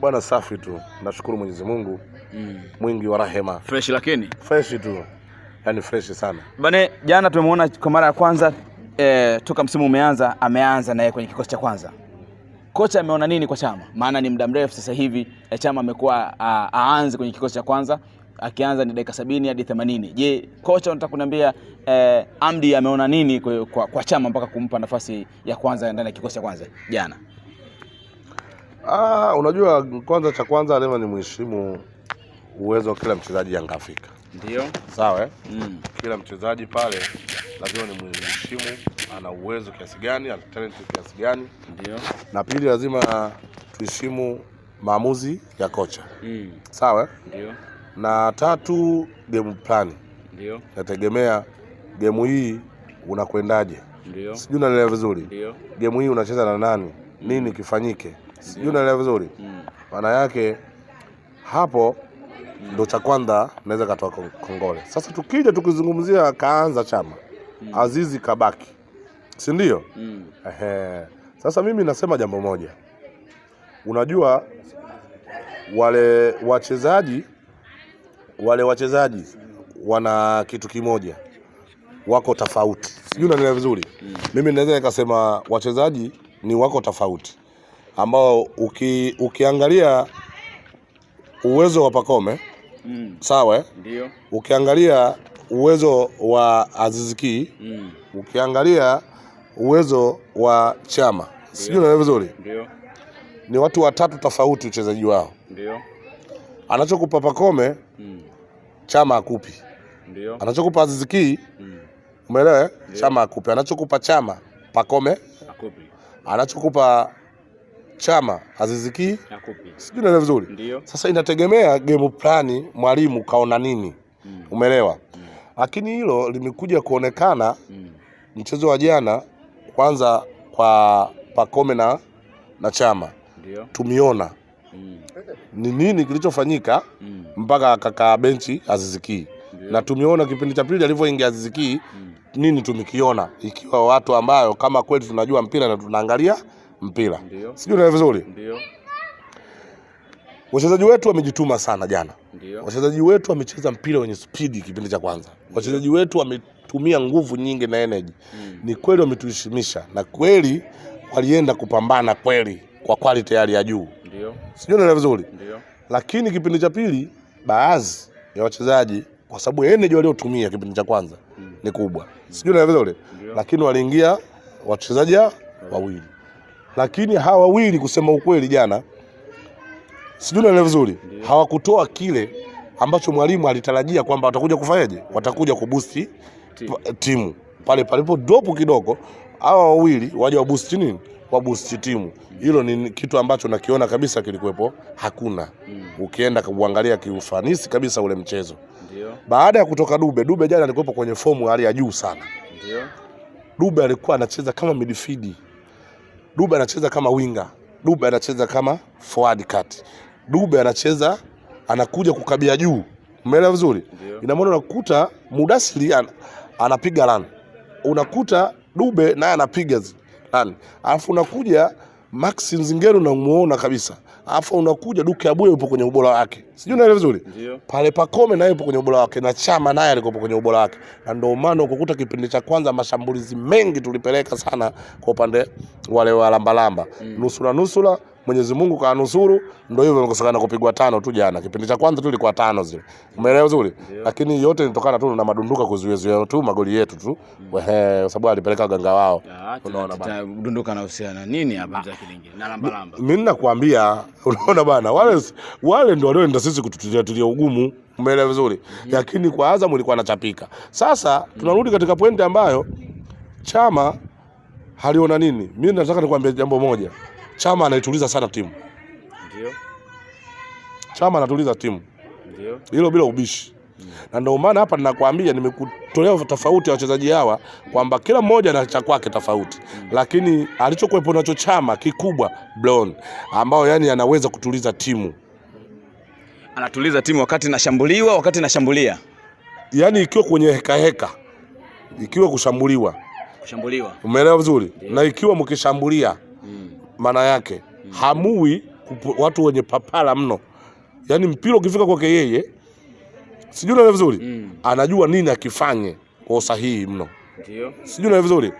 bwana, safi tu, nashukuru Mwenyezi Mungu mm. mwingi wa rahema. Fresh lakini fresh tu, yani fresh sana bane. Jana tumemwona kwa mara ya kwanza eh, toka msimu umeanza, ameanza naye kwenye kikosi cha kwanza. Kocha ameona nini kwa Chama? Maana ni muda mrefu sasa hivi eh, Chama amekuwa aanze kwenye kikosi cha kwanza akianza ni dakika sabini hadi themanini. Je, kocha unataka kuniambia eh, Amdi ameona nini kwa, kwa, kwa Chama mpaka kumpa nafasi ya kwanza ndani ya kikosi cha kwanza jana? Ah, unajua kwanza cha kwanza lazima ni mheshimu uwezo wa kila mchezaji Yanga Afrika. Ndio. Sawa eh? Mm. Kila mchezaji pale lazima ni mheshimu, ana uwezo kiasi gani, ana talent kiasi gani. Ndio. Na pili lazima tuheshimu maamuzi ya kocha. Mm. Sawa? Eh? Ndio. Na tatu game plan. Ndio. Nategemea game hii unakwendaje? Ndio. Sijui unaelewa vizuri. Ndio. Game hii unacheza na nani? Mm. Nini kifanyike? sijui unaelewa vizuri mm. maana yake hapo ndo cha kwanza naweza katoa kongole. Sasa tukija tukizungumzia kaanza chama mm. Azizi kabaki, si ndio? Mm. Ehe, sasa mimi nasema jambo moja, unajua wale wachezaji wale wachezaji wana kitu kimoja, wako tofauti, sijui unanielewa vizuri mimi naweza nikasema wachezaji ni wako tofauti ambao uki, ukiangalia uwezo wa Pacome mm. sawa eh? ndio, ukiangalia uwezo wa Aziziki mm. ukiangalia uwezo wa Chama, sijui naelewa vizuri, ni watu watatu tofauti uchezaji wao, ndio anachokupa Pacome mm. Chama akupi, ndio anachokupa Aziziki mm. umeelewa, eh? Chama akupi, anachokupa Chama Pacome akupi, anachokupa Chama Aziziki sijui naelewa vizuri. Sasa inategemea game plani mwalimu kaona nini mm. Umeelewa mm. Lakini hilo limekuja kuonekana mm. Mchezo wa jana kwanza kwa Pakome na, na Chama Ndiyo. Tumiona mm. ni nini kilichofanyika mm. mpaka akakaa benchi Aziziki Ndiyo. Na tumiona kipindi cha pili alivyoingia Aziziki mm. Nini tumekiona ikiwa watu ambayo kama kweli tunajua mpira na tunaangalia mpira, sijui na vizuri. Wachezaji wetu wamejituma sana jana. Wachezaji wetu wamecheza mpira wenye spidi kipindi cha kwanza. Wachezaji wetu wametumia nguvu nyingi na energy. Ndiyo. Mm. Ni kweli wametuheshimisha na kweli walienda kupambana kweli kwa quality hali ya juu, sijui na vizuri, lakini kipindi cha pili baadhi ya wachezaji kwa sababu energy waliotumia kipindi cha kwanza mm. ni kubwa, sijui na vizuri, lakini waliingia wachezaji wawili lakini hawa wawili kusema ukweli, jana, sijui naelewa vizuri, hawakutoa kile ambacho mwalimu alitarajia kwamba watakuja kufanyaje, watakuja kubusti timu pale palipo drop kidogo, hawa wawili waje wabusti nini, wabusti timu. Hilo ni kitu ambacho nakiona kabisa kilikuwepo hakuna hmm. Ukienda kuangalia kiufanisi kabisa ule mchezo Ndiyo. Baada ya kutoka Dube, Dube jana alikuwepo kwenye fomu hali ya juu sana Ndiyo. Dube alikuwa anacheza kama midfield Dube anacheza kama winga, Dube anacheza kama forward cut, Dube anacheza anakuja kukabia juu, umeelewa vizuri? Ina maana unakuta Mudasiri an, anapiga run, unakuta Dube naye anapiga run, alafu unakuja Maxi na unamuona kabisa afu unakuja Duke buya yupo kwenye ubora wake, sijui unaelewa vizuri. Pale Pakome naye yupo kwenye ubora wake na Chama naye alikuwa kwenye ubora wake, na ndio maana ukukuta kipindi cha kwanza mashambulizi mengi tulipeleka sana kwa upande wale wa lambalamba, mm. nusura nusura Mwenyezi Mungu kaanusuru, ndio hivyo imekosekana kupigwa tano tu jana. Kipindi cha kwanza tu ilikuwa tano zile. Umeelewa vizuri? Lakini yote inatokana tu na madunduka kuzuiazuia tu magoli yetu tu. Mm. Ehe, kwa sababu alipeleka ganga wao. Unaona bana. Dunduka na anahusiana nini hapa ah. mzee kilingi? Na lamba lamba. Mimi ninakwambia, unaona bana, wale wale ndio walioenda sisi kututia ugumu. Umeelewa vizuri? Mm-hmm. Lakini kwa Azam ilikuwa anachapika. Sasa tunarudi katika pointi ambayo Chama haliona nini? Mimi nataka nikwambie jambo moja. Chama anaituliza sana timu. Ndio. Chama anatuliza timu. Ndio. Hilo bila ubishi. Na ndio maana hapa ninakwambia nimekutolea tofauti ya wachezaji hawa kwamba kila mmoja ana cha kwake tofauti. Mm. Lakini alichokuwepo nacho chama kikubwa Blon ambao yani anaweza kutuliza timu. Anatuliza timu wakati nashambuliwa, wakati nashambulia. Yaani ikiwa kwenye heka heka. Ikiwa kushambuliwa. Kushambuliwa. Umeelewa vizuri? Na ikiwa mkishambulia maana yake hamui kupu, watu wenye papala mno, yaani mpira ukifika kwake yeye, sijui naelewa vizuri mm. anajua nini akifanye kwa usahihi mno, ndio sijui naelewa vizuri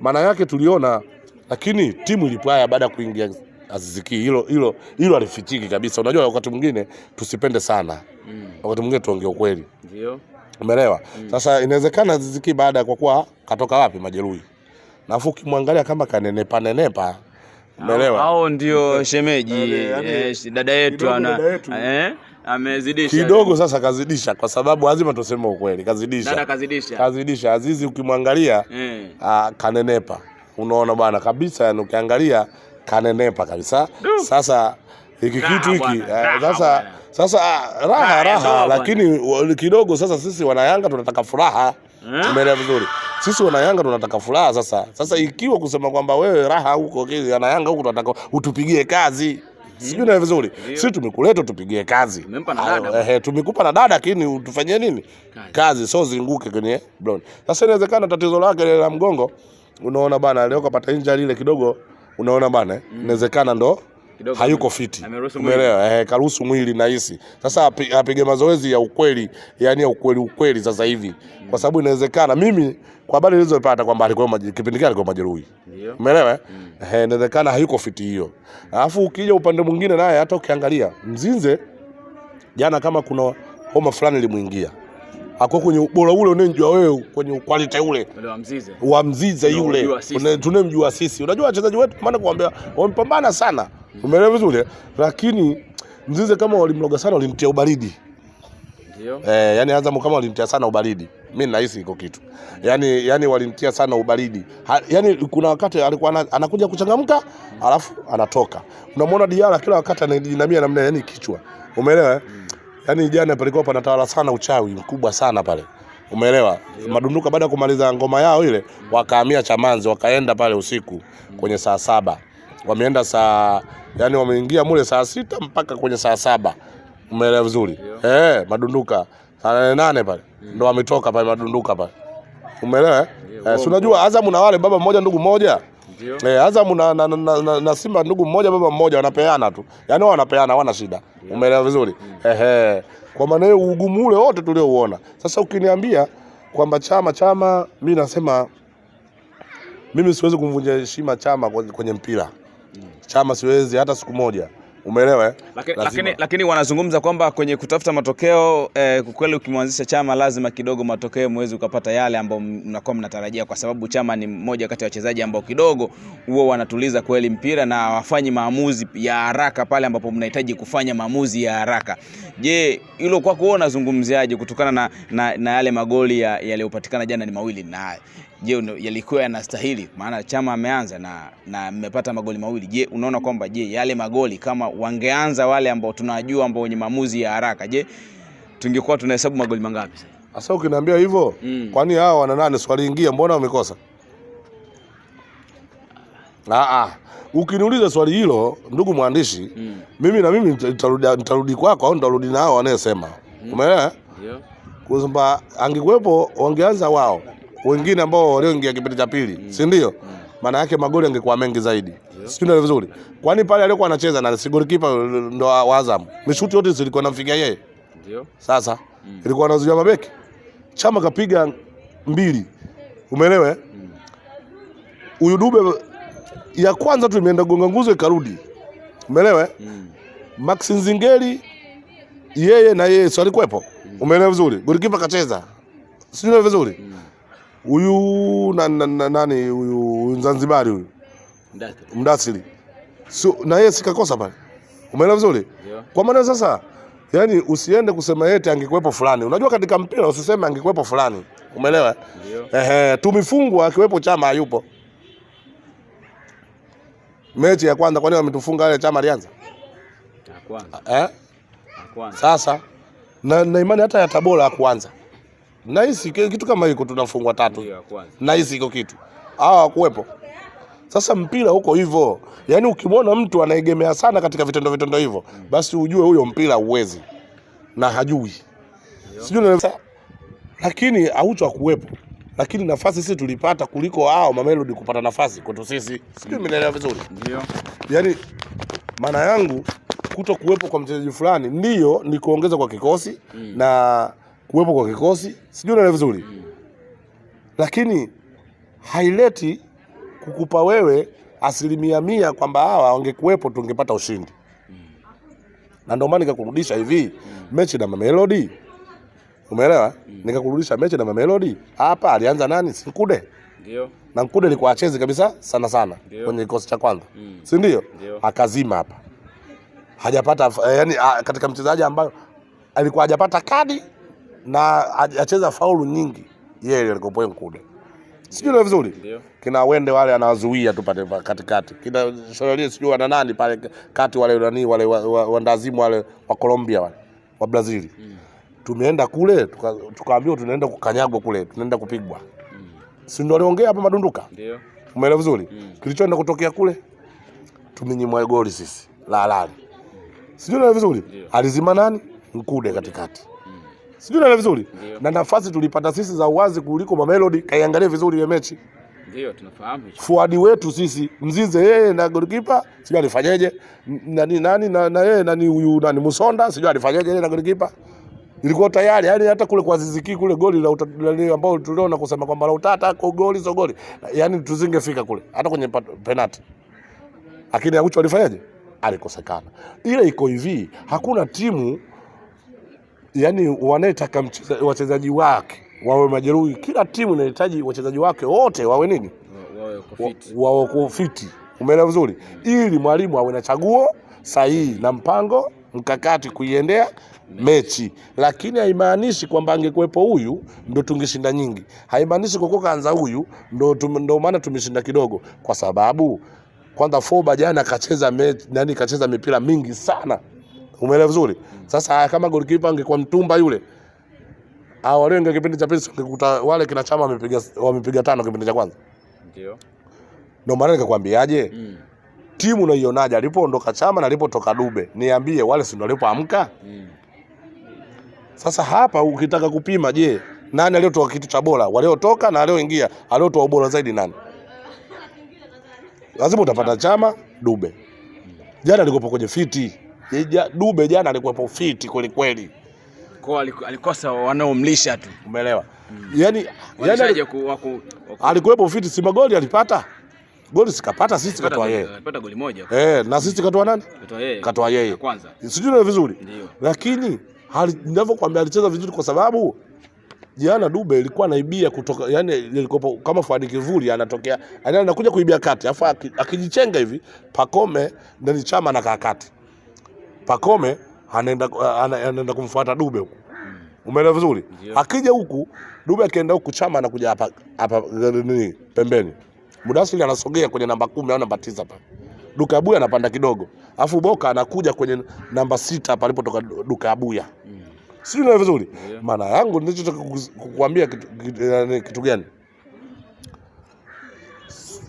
maana yake tuliona, lakini timu ilipaya baada ya kuingia Aziziki, hilo hilo hilo alifichiki kabisa. Unajua, wakati mwingine tusipende sana mm. wakati mwingine tuongee ukweli, ndio umeelewa mm. Sasa inawezekana Aziziki baada ya kwa kuwa katoka wapi majeruhi, nafu ukimwangalia kama kanenepa nenepa Umeelewa? Hao ndio shemeji yaani, eh, yaani eh dada yetu ana eh amezidisha kidogo. Sasa kazidisha kwa sababu lazima tuseme ukweli, kazidisha. Dada kazidisha, kazidisha. Azizi ukimwangalia eh, ah, kanenepa, unaona bwana kabisa, yani ukiangalia kanenepa kabisa. Sasa hiki kitu hiki eh, sasa sasa ah, raha raha, lakini eh, kidogo sasa sisi Wanayanga tunataka furaha Eh? Umeelewa vizuri? Sisi wana Yanga tunataka furaha sasa. Sasa ikiwa kusema kwamba wewe raha huko kesi ana Yanga huko tunataka utupigie kazi. Mhm. Sijui na vizuri. Sisi tumekuleta tupigie kazi. Tumempa na dada. Ehe, tumekupa na dada lakini utufanyie nini? Kazi, kazi zinguke kwenye blond. Sasa inawezekana tatizo lake la mgongo unaona bana leo kapata injury ile kidogo unaona bana eh? mm. inawezekana ndo hayuko fiti, umeelewa? Eh, eh, karuhusu mwili na hisi sasa apige mazoezi ya ukweli, yani ya ukweli ukweli sasa hivi, kwa sababu inawezekana mimi kwa habari nilizopata kwamba alikuwa kipindi gani alikuwa majeruhi, umeelewa? Eh? Mm. eh, inawezekana hayuko fiti hiyo. Alafu ukija upande mwingine, naye hata ukiangalia Mzinze jana, kama kuna homa fulani ilimuingia ako kwenye ubora ule unaojua wewe kwenye kwalite ule wa Mzize yule tunayemjua sisi. Unajua wachezaji wetu maana kuambia wamepambana sana Umeelewa vizuri, eh? lakini Mzize kama walimloga sana, walimtia ubaridi ndio. Eh, yani Azam kama walimtia sana ubaridi, mimi ninahisi iko kitu yani, yani walimtia sana ubaridi ha, yani kuna wakati alikuwa anakuja kuchangamka alafu anatoka, unamwona Diara kila wakati anajinamia namna yani kichwa, umeelewa hmm. Yani jana palikuwa panatawala sana uchawi mkubwa sana pale umeelewa madunduka. Baada ya kumaliza ngoma yao ile, wakahamia Chamanzi, wakaenda pale usiku kwenye saa saba wameenda saa yani, wameingia mule saa sita mpaka kwenye saa saba, umeelewa vizuri eh? Madunduka saa nane nane pale mm. ndo wametoka pale Madunduka pale, umeelewa eh? eh si unajua Azamu na wale baba mmoja ndugu mmoja Ndio. eh, Azamu na, na, na, na, na Simba ndugu mmoja baba mmoja, wanapeana tu yani, wao wanapeana, wana shida, umeelewa vizuri mm. eh? Kwa maana hiyo ugumu ule wote tuliouona sasa, ukiniambia kwamba chama chama, mimi nasema mimi siwezi kumvunja heshima chama kwenye mpira mm chama siwezi hata siku moja, umeelewa? Eh? Lakini, lakini, lakini wanazungumza kwamba kwenye kutafuta matokeo eh, kweli ukimwanzisha chama lazima kidogo matokeo mwezi ukapata yale ambayo mnakuwa mnatarajia, kwa sababu chama ni mmoja kati ya wachezaji ambao kidogo huo wanatuliza kweli mpira na wafanyi maamuzi ya haraka pale ambapo mnahitaji kufanya maamuzi ya haraka. Je, hilo kwako wewe unazungumziaje kutokana na, na, na yale magoli yaliyopatikana jana ni mawili na je, yalikuwa yanastahili? Maana Chama ameanza na na mmepata magoli mawili. Je, unaona kwamba je, yale magoli kama wangeanza wale ambao tunajua ambao wenye maamuzi ya haraka, je, tungekuwa tunahesabu magoli mangapi sasa? ukiniambia hivyo mm. kwani hao wana nane swali ingia, mbona wamekosa? Ah, ah, ukiniuliza swali hilo ndugu mwandishi mm. mimi na mimi nitarudi nitarudi kwako au nitarudi nao wanayesema mm. umeelewa? Ndio. Kwa sababu angekuwepo wangeanza wao wengine ambao walioingia kipindi cha pili, mm. si ndio? Mm. Maana yake magoli yangekuwa mengi zaidi, sio ndio? Vizuri, kwani pale alikuwa anacheza na si golikipa ndo wa Azam, mishuti yote zilikuwa namfikia yeye, ndio sasa mm. ilikuwa anazuia mabeki. Chama kapiga mbili, umeelewa? Mm. Huyu Dube ya kwanza tu imeenda gonga nguzo ikarudi, umeelewa? mm. Max Nzingeli yeye na yeye si alikuwepo, mm. umeelewa vizuri? Golikipa kacheza, sio vizuri mm huyu na, na, na, nani huyu Mzanzibari huyu Mdasiri so, na yeye sikakosa pale, umeelewa vizuri Kwa maana sasa yani usiende kusema yete angekuwepo fulani. Unajua katika mpira usiseme angekuwepo fulani, umeelewa Ehe, tumifungwa akiwepo Chama hayupo mechi ya kwanza, kwani wametufunga ile Chama alianza eh? Sasa na, na imani hata ya Tabora ya kwanza nahisi kitu kama hiko tunafungwa tatu, nahisi hiko kitu hawa kuwepo. Sasa mpira huko hivyo, yaani ukimwona mtu anaegemea sana katika vitendo vitendo hivyo, basi ujue huyo mpira uwezi na hajui, sijui lakini aucho kuwepo. lakini nafasi sisi tulipata kuliko hao Mamelodi kupata nafasi kwetu sisi, sijui mnaelewa vizuri? Ndio, yaani maana yangu kuto kuwepo kwa mchezaji fulani ndio ni kuongeza kwa kikosi mm. na kuwepo kwa kikosi, sijui unaelewa vizuri, lakini haileti kukupa wewe asilimia mia kwamba hawa wangekuwepo tungepata ushindi. Na ndio maana nikakurudisha hivi mechi na Mamelodi, umeelewa? Nikakurudisha mechi na Mamelodi. Hapa alianza nani? Sinkude ndio na Mkude alikuwa achezi kabisa sana sana ndiyo, kwenye kikosi cha kwanza mm. si ndio? Akazima hapa hajapata eh, yani ah, katika mchezaji ambayo alikuwa hajapata kadi na acheza faulu nyingi yeye alikopoe Mkude, sijui ndio vizuri, kina wende wale anawazuia tu pale katikati, kina shorelie sijui ana nani pale kati wale nani wale wandazimu wa, wa wale wa Colombia wale wa Brazil mm. tumeenda kule tukaambiwa tuka tunaenda kukanyagwa kule tunaenda kupigwa mm. si ndio aliongea hapa madunduka ndio umeelewa vizuri mm. kilichoenda kutokea kule tumenyimwa goli sisi la lani, sijui ndio vizuri, alizima nani Mkude katikati sijui naelewa vizuri na nafasi tulipata sisi za uwazi kuliko Mamelodi. Kaiangalie vizuri ile mechi ndio tunafahamu hicho. Fuadi wetu sisi Mzize yeye na goalkeeper sijui alifanyeje nani nani na na yeye nani huyu nani Musonda sijui alifanyaje, yeye na goalkeeper ilikuwa tayari yani, hata kule kwa ziziki kule goli la utata ambao tuliona kusema kwamba la utata kwa goli so goli, yani tuzingefika kule hata kwenye penalti, lakini Aucho alifanyaje? Alikosekana. Ile iko hivi, hakuna timu yani wanayetaka wachezaji wake wawe majeruhi. Kila timu inahitaji wachezaji wake wote wawe nini, wawe kufiti, umeelewa vizuri, ili mwalimu awe na chaguo sahihi na mpango mkakati kuiendea mechi, lakini haimaanishi kwamba angekuwepo huyu ndo tungeshinda nyingi, haimaanishi kwa kaanza huyu ndo, ndo maana tumeshinda kidogo, kwa sababu kwanza Foba jana kacheza mechi nani kacheza mipira mingi sana. Umeelewa vizuri? Sasa kama goalkeeper angekuwa mtumba yule wale awalenga kipindi cha pili, kukuta wale kina Chama wamepiga wamepiga tano kipindi cha kwanza. Ndio. Ndio maana nikakwambiaje? Mm. Timu unaionaje alipoondoka Chama na alipotoka Dube? Niambie wale si ndio walipoamka? Mm. Sasa hapa ukitaka kupima, je, nani aliyotoa kitu cha bora? Waliotoka na alioingia, aliyotoa ubora zaidi nani? Lazima utapata Chama Dube. Jana alikuwa kwenye fiti. Dube jana alikuwa fiti kweli kweli, kwa alikosa wanaomlisha tu, umeelewa? Mm. Yani yani alikuwepo fiti. Si magoli alipata goli, sikapata sisi, katoa yeye, alipata goli moja eh, na sisi katoa nani? Katoa yeye, katoa yeye kwanza, sijui ndio vizuri, lakini ninavyokuambia alicheza vizuri kwa sababu jana Dube ilikuwa naibia kutoka, yani ilikuwa kama Fadi Kivuli anatokea, yani anakuja kuibia kati, afu akijichenga hivi Pakome ndani chama na kaa kati Pakome anaenda eh, anaenda kumfuata Dube huko. Umeelewa vizuri? Akija huku Dube akienda huku Chama anakuja hapa hapa nini pembeni. Mudasiri anasogea kwenye namba kumi au namba tisa hapa. Duka Abuya anapanda kidogo. Alafu Boka anakuja kwenye namba sita palipotoka Duka Abuya. Mm. Si ni vizuri? Maana yangu ninachotaka kukuambia kitu, eh, kitu gani?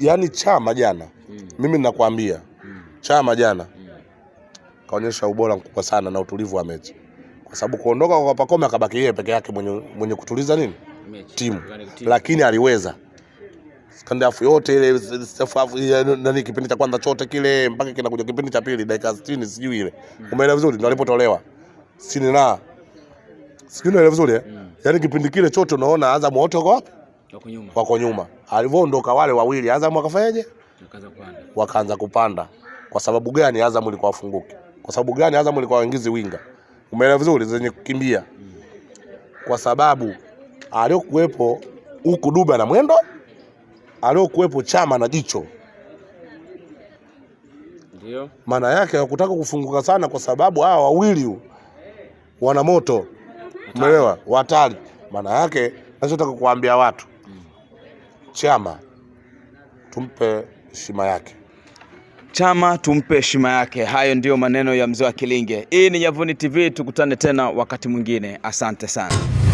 Yaani Chama jana. Mm. Mimi ninakwambia mm. Chama jana kaonyesha ubora mkubwa sana na utulivu wa mechi, kwa sababu kuondoka kwa Pakome akabaki yeye peke yake mwenye, mwenye kutuliza nini mechi, timu, lakini aliweza skandafu yote ile nani, kipindi cha kwanza chote kile mpaka kinakuja kipindi cha pili dakika 60 sijui ile mm. Umeelewa vizuri, ndio alipotolewa sini na sijui, ile vizuri eh? Mm. Yani kipindi kile chote unaona Azam wote wako wapi? Wako nyuma, wako nyuma. Alivyoondoka wale wawili Azam akafanyaje? Wakaanza kupanda. Kwa sababu gani Azam ilikuwa afunguke? Kwa sababu gani Azam alikuwa waingizi winga? Umeelewa vizuri, zenye kukimbia, kwa sababu aliokuwepo huku Dube na mwendo, aliokuwepo Chama na jicho. Ndio maana yake hakutaka kufunguka sana, kwa sababu hawa wawili wana moto, umeelewa, watali. Maana yake nachotaka kuambia watu, mm. Chama tumpe heshima yake. Chama tumpe heshima yake. Hayo ndiyo maneno ya mzee wa Kilinge. Hii ni Nyavuni TV, tukutane tena wakati mwingine. Asante sana.